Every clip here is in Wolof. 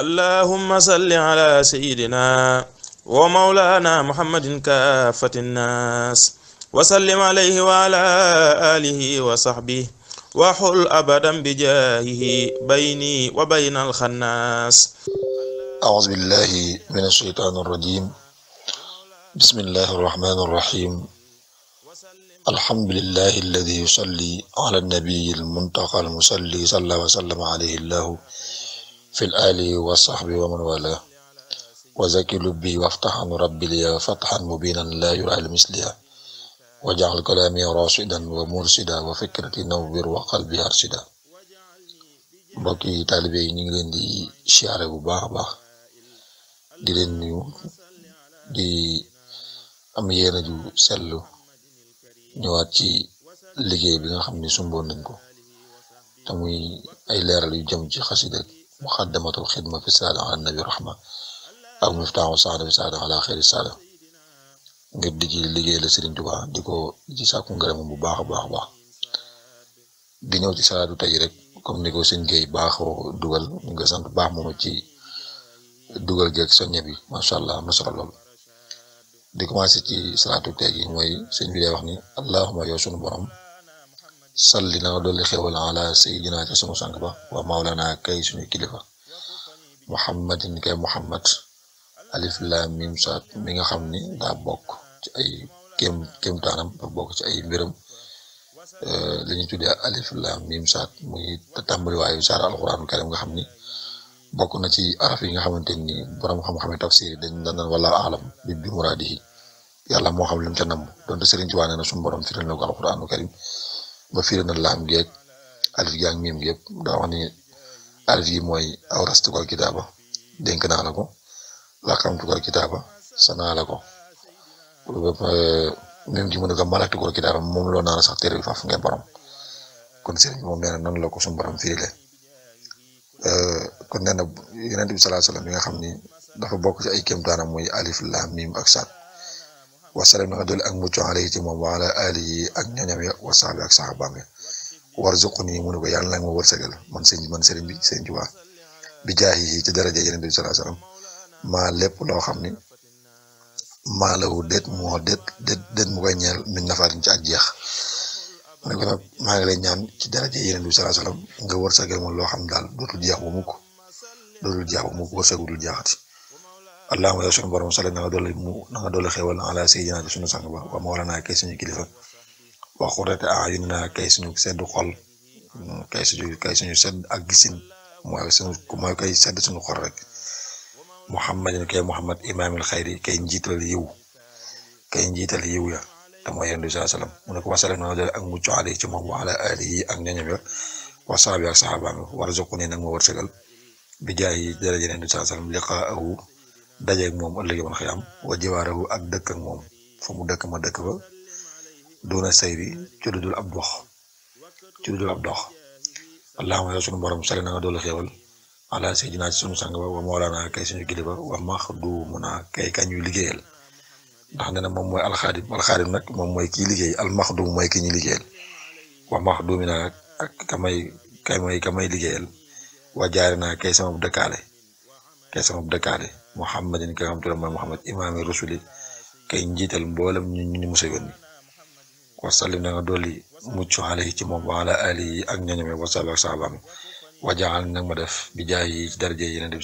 اللهم صل على سيدنا ومولانا محمد كافة الناس وسلم عليه وعلى آله وصحبه وحل أبدا بجاهه بيني وبين الخناس أعوذ بالله من الشيطان الرجيم بسم الله الرحمن الرحيم الحمد لله الذي يصلي على النبي المنتقى المصلي صلى وسلم عليه الله fil ali wa sahbi wa man wala wa zaki lubbi waftahan rabbi liya fathan mubinan la yura li wa jaal kalaami rashidan wa mursida wa fikrati nawwir wa qalbi arshida mbokk yi taalibe yi ñu ngi leen di siyaare bu baax a baax di leen nuyu di am yéene ju ñëwaat ci liggéey bi nga xam ni sumboon nañ ko te muy ay leeral yu jëm ci xasida ak muxaddamatul xidma fi saada a nabi rahma ak miftaaxu saada bi saada ala xeeri saada ngir di ci liggéey la Serigne Touba di ko ci sàkku ngërëm bu baax a baax a baax di ñëw ci salaatu tey rek comme ni ko sëñ Gueye baaxoo dugal nga sant baax moom ci dugal geeg soññe bi macha allah am na solo lool di ci salaatu tey gi mooy sëñ bi day wax ni allahuma yow sunu borom. salli na nga dolli xewal ala sayidina ca sunu sang ba wa mawlana kay suñu kilifa muhammadin kay muhammad alif la mim saat mi nga xam ni daa bokk ci ay kéem kéemtaanam ba bokk ci ay mbiram eh, li ñu tuddee alif lam mim saat muy tàmbaliwaayu saar alquran karim nga xam ni bokk na ci araf yi nga xamante ni borom xam-xam tafsir dañ daan wala alam bi bi muraadihi yàlla moo xam lim ca nam donte Sëriñ Tuubaa nee na suñu borom firil na ko alquranu karim ba firi na laam geeg alif gi ak miim gi yëpp daa wax ni alif yi mooy awrastukal kitaaba dénk naa la ko laqamtukal kitaaba sanaa la ko eh, même ji mu ne ko malatukal kitaaba moom loo naa la sax téere bi faaf ngeen borom kon sëriñ moom nee na nan la ko suñu borom firile eh, kon nee na yonent bi sallallahu alayhi nga xam ni dafa bokk ci ay kéemtaanam mooy alif laam miim ak saat wasalam na nga doole ak mucc alayhi ci moom wa ala alihi ak ñoñam ya wa sahbi ak sahabaam ya warzuqni mu ne ko yàlla nag ma wërsëgal man sëñ man sëriñ bi sëriñ Tuuba bi jaahihi ci daraja yeneen bi sallallahu alayhi wasallam maa loo xam ni maa lahu déet moo déet déet déet mu koy ñeel min nafaatin ci ak jeex mu ne maa ngi lay ñaan ci daraja yeneen bi sallallahu alayhi wasallam nga wërsëgal ma loo xam daal dootul jeex bu mukk dootul jeex bu mukk wërsëg dul jeexati allahumma yow suñu borom sale na nga dolli mu na nga dolli sang ba wa mawlana kay suñu kilifa wa qurrata a'yunina kay suñu sedd xol kay suñu kay suñu sedd ak gisin mooy suñu mooy sedd suñu xol rek muhammadin kay muhammad imaamil xayri kay njiital yiw kay njiital yiw ya te mooy yendu saa salaam mu ne ko wasale na nga wa ala alihi daraja yendu saa salaam liqaahu dajeeg moom ëllëg man xëy am wa jiwaarahu ak dëkk ak dëkk ma dëkk ab dox dox allahumma yow sunu borom na nga doolu xéewal ala sayyidina ci sunu sang ba wa ka ñuy liggéeyal kii liggéey almaxdum mooy ki ñu liggéeyal wa maxdumina ak kamay kamay kay sama dëkkaale kay sama dëkkaale muhammadin ki nga xam te ne mooy muhammad imaami rasuli kay njiital mboolem ñu ñu ni mos a na ma def bi jaay yi ci daraje yi yonent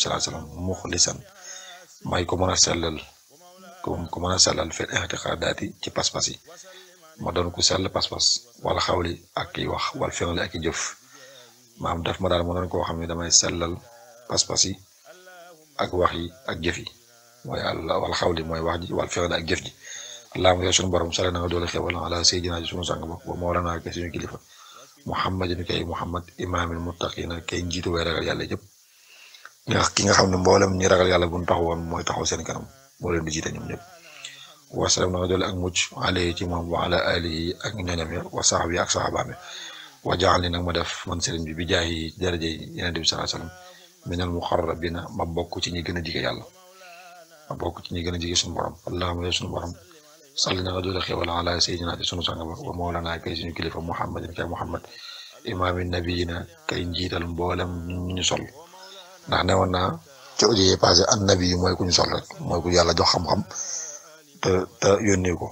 bi ko mën a sellal ko mën a sellal fil i'tiqaadaati ci pas-pas yi ma doon ku sell pas wala xawli ak i wax wala fi'li ak i jëf maam def ma daal ma doon koo xam ne damay sellal pas-pas ak wax yi ak jëf yi mooy wal xawli mooy wax ji wal fi'li ak jëf ji allahumma yow sunu borom sale na nga doole xewal ala sayyidina ji sunu sang ba wa mawlana kay suñu kilifa muhammadin kay muhammad imaamil muttaqina kay njiitu way ragal yàlla yëpp ki nga xam ne mboolem ñi ragal yàlla bu ñu taxawoon mooy taxaw seen kanam moo leen di jiite ñoom ñëpp wasalaam na nga doole ak mucc alayhi ci moom wa ala alihi ak ñoñam ya wa saxab yi ak ma def man sëriñ bi bi jaayi daraje yi Yonent bi sallallahu minal muqarrabina ma bokk ci ñi gën a jige yàlla ma bokk ci ñi gën a jige suñu borom allahumma sunu borom salli na nga doole xewal ala sayyidina di sunu sang ba wa mawlana kay suñu kilifa muhammadin kay muhammad imaami nabiyina kay njiital mboolem ñu ñu ndax ne woon naa ci audio yi yi mooy ñu sol rek mooy ku yàlla jox xam-xam te te yónni ko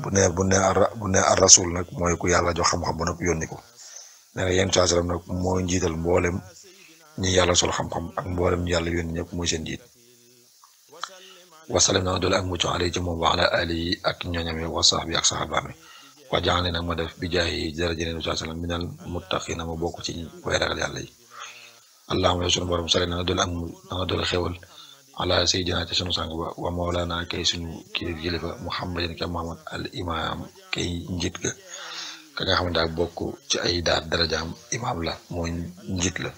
bu ne bu ne bu ne ar rasul nag mooy ku yàlla jox xam-xam bu ko ne na njiital mboolem ni yàlla sol xam-xam ak mboolem ñu yàlla yónni ñëpp mooy seen jiit wasalim naa doole ak mucc alay ci moom wa ala alihi ak ñooñam yi wa sahbi ak saxaabaami wa jaxane nag ma def bi jaayi dara jëneen saa sallam minal muttaqina ma bokk ci way ragal yàlla yi allahuma yow sunu borom sali nanga doole ak nanga doole xewal ala sayyidina ci sunu sang ba wa mawlana kay suñu kii jilifa muhammadin ka muhammad al imam kay njiit ga ka nga xam ne daa bokk ci ay daat darajaam imam la mooy njiit la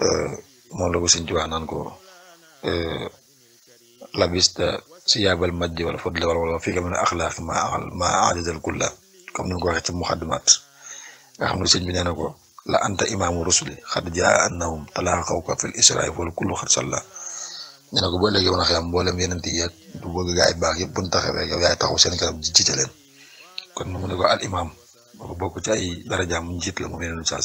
Eh, moom la ko sëñ Tuubaa naan ko eh, labista si yaabal majdi wala fadli wala wala fii ka mën a axlaaq ma ma aadidal kulla comme ni ko waxee ci muxaddimaat nga xam ne sëñ bi nee na ko la anta imaamu rusuli xad jaa annahum talaaqawka fil israa wal kullu xad salla ñu ne ko boo léegi woon a xiyam mboolem yeneen yi ak du bëgg gaa baax yëpp bu ñu taxawee yow yaay taxaw seen kanam jiite leen kon mu ne ko al imaam boo ko bokk ci ay darajaam la moom yeneen saa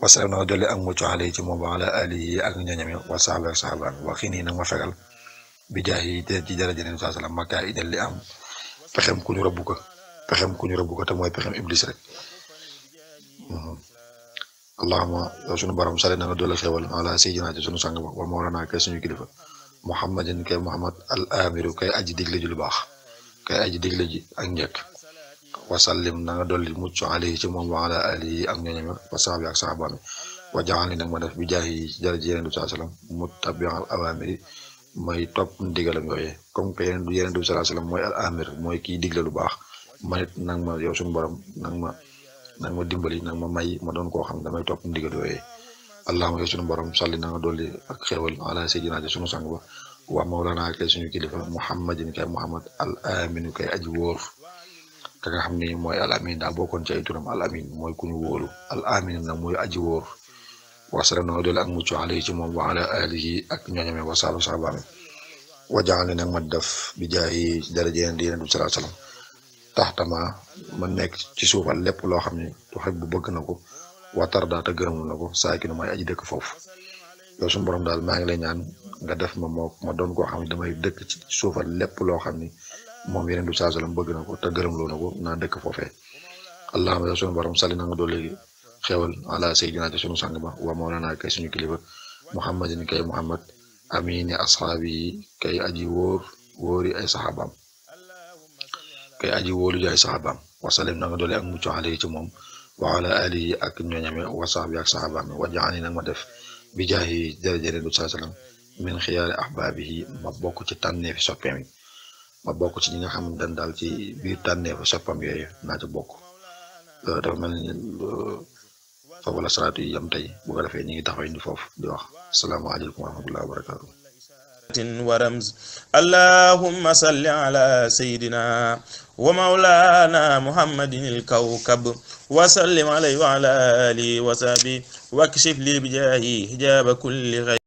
wasal na dolli ak mucc alay ci moom wa ala alihi ak ñoñami wa sahbihi sahban wa xini nag ma fegal bi jaahi ci daraja nabi saa sallam makkaa idal am pexem ku ñu rëbb ko pexem ku ñu rëbb ko te mooy pexem iblis rek hmm. allahuma yow sunu borom sale na nga dolli xewal ala sayyidina ci sunu sang ba wa mawlana kay suñu kilifa muhammadin kay muhammad al amiru kay aji digle ji lu baax kay aji digle ji ak njëkk wasallim na nga dolli mucc alayhi ci moom wa ala alihi ak ñooñam wa sahbi ak sahabaami wa jaxal nag ma def bi jaahi jërëji yeneen du saa sallam may topp ndigalam yooyee comme que yeneen du yeneen du saa sallam mooy al amir mooy kiy digle lu baax manit nag ma yow suñu ma nag ma dimbali nag ma may ma doon koo xam damay topp ndigal yooyee allahuma yow suñu borom salli na nga dolli ak xéewal ala sayyidina suñu sang ba wa mawlana kay suñu kilifa muhammadin kay muhammad al aminu kay aji wóor ka nga xam ne mooy al daal daa bokkoon ci ay turam al amin mooy ku ñu wóolu al amin nag mooy aji wóor wasala noo ci moom wa ala alihi ak ñooñame wasaalu saabaam wa jaxale nag ma def bi jaayi ci daraje yonent yonent bi salaa ma nekk ci suufal lépp loo xam ne tuxib bëgg na ko watar daata gërëmul na ko saa ki nu aji dëkk foofu yow suñu borom daal lay ñaan nga def ma moo ma doon koo xam ne damay dëkk ci suufal lépp loo xam ne moom yeneen du saa salaam bëgg na ko te gërëmloo na ko naa dëkk foofee allahumma yaa sunu borom sali na nga doon léegi xewal ala sayyidina ci sunu sang ba wa mawlana kay suñu kilifa muhammadin kay muhammad amini asxaabi yi kay aji wóor wóori ay saxaabaam kay aji wóolu ji ay saxaabaam wasalim na nga doole ak mucc ale ci moom wa alihi ak ñooñame wa saxbi ak saxaabaam wa jaani nag ma def bi jaahi jërëjëre du saa salaam min xiyaari ahbaabihi ma bokk ci tànneefi soppeem yi ma bokk ci ñi nga xamante ne daal ci biir tànneefu soppam yooyu naa ca bokk euh, dafa mel ni euh, foofu la salaatu yi yam tey bu ko defee ñu ngi taxaw indi foofu di wax asalaamaaleykum wa rahmatullahi wa barakaatu. ورمز اللهم صل على سيدنا ومولانا محمد الكوكب وسلم عليه وعلى آله وصحبه واكشف لي بجاهه حجاب كل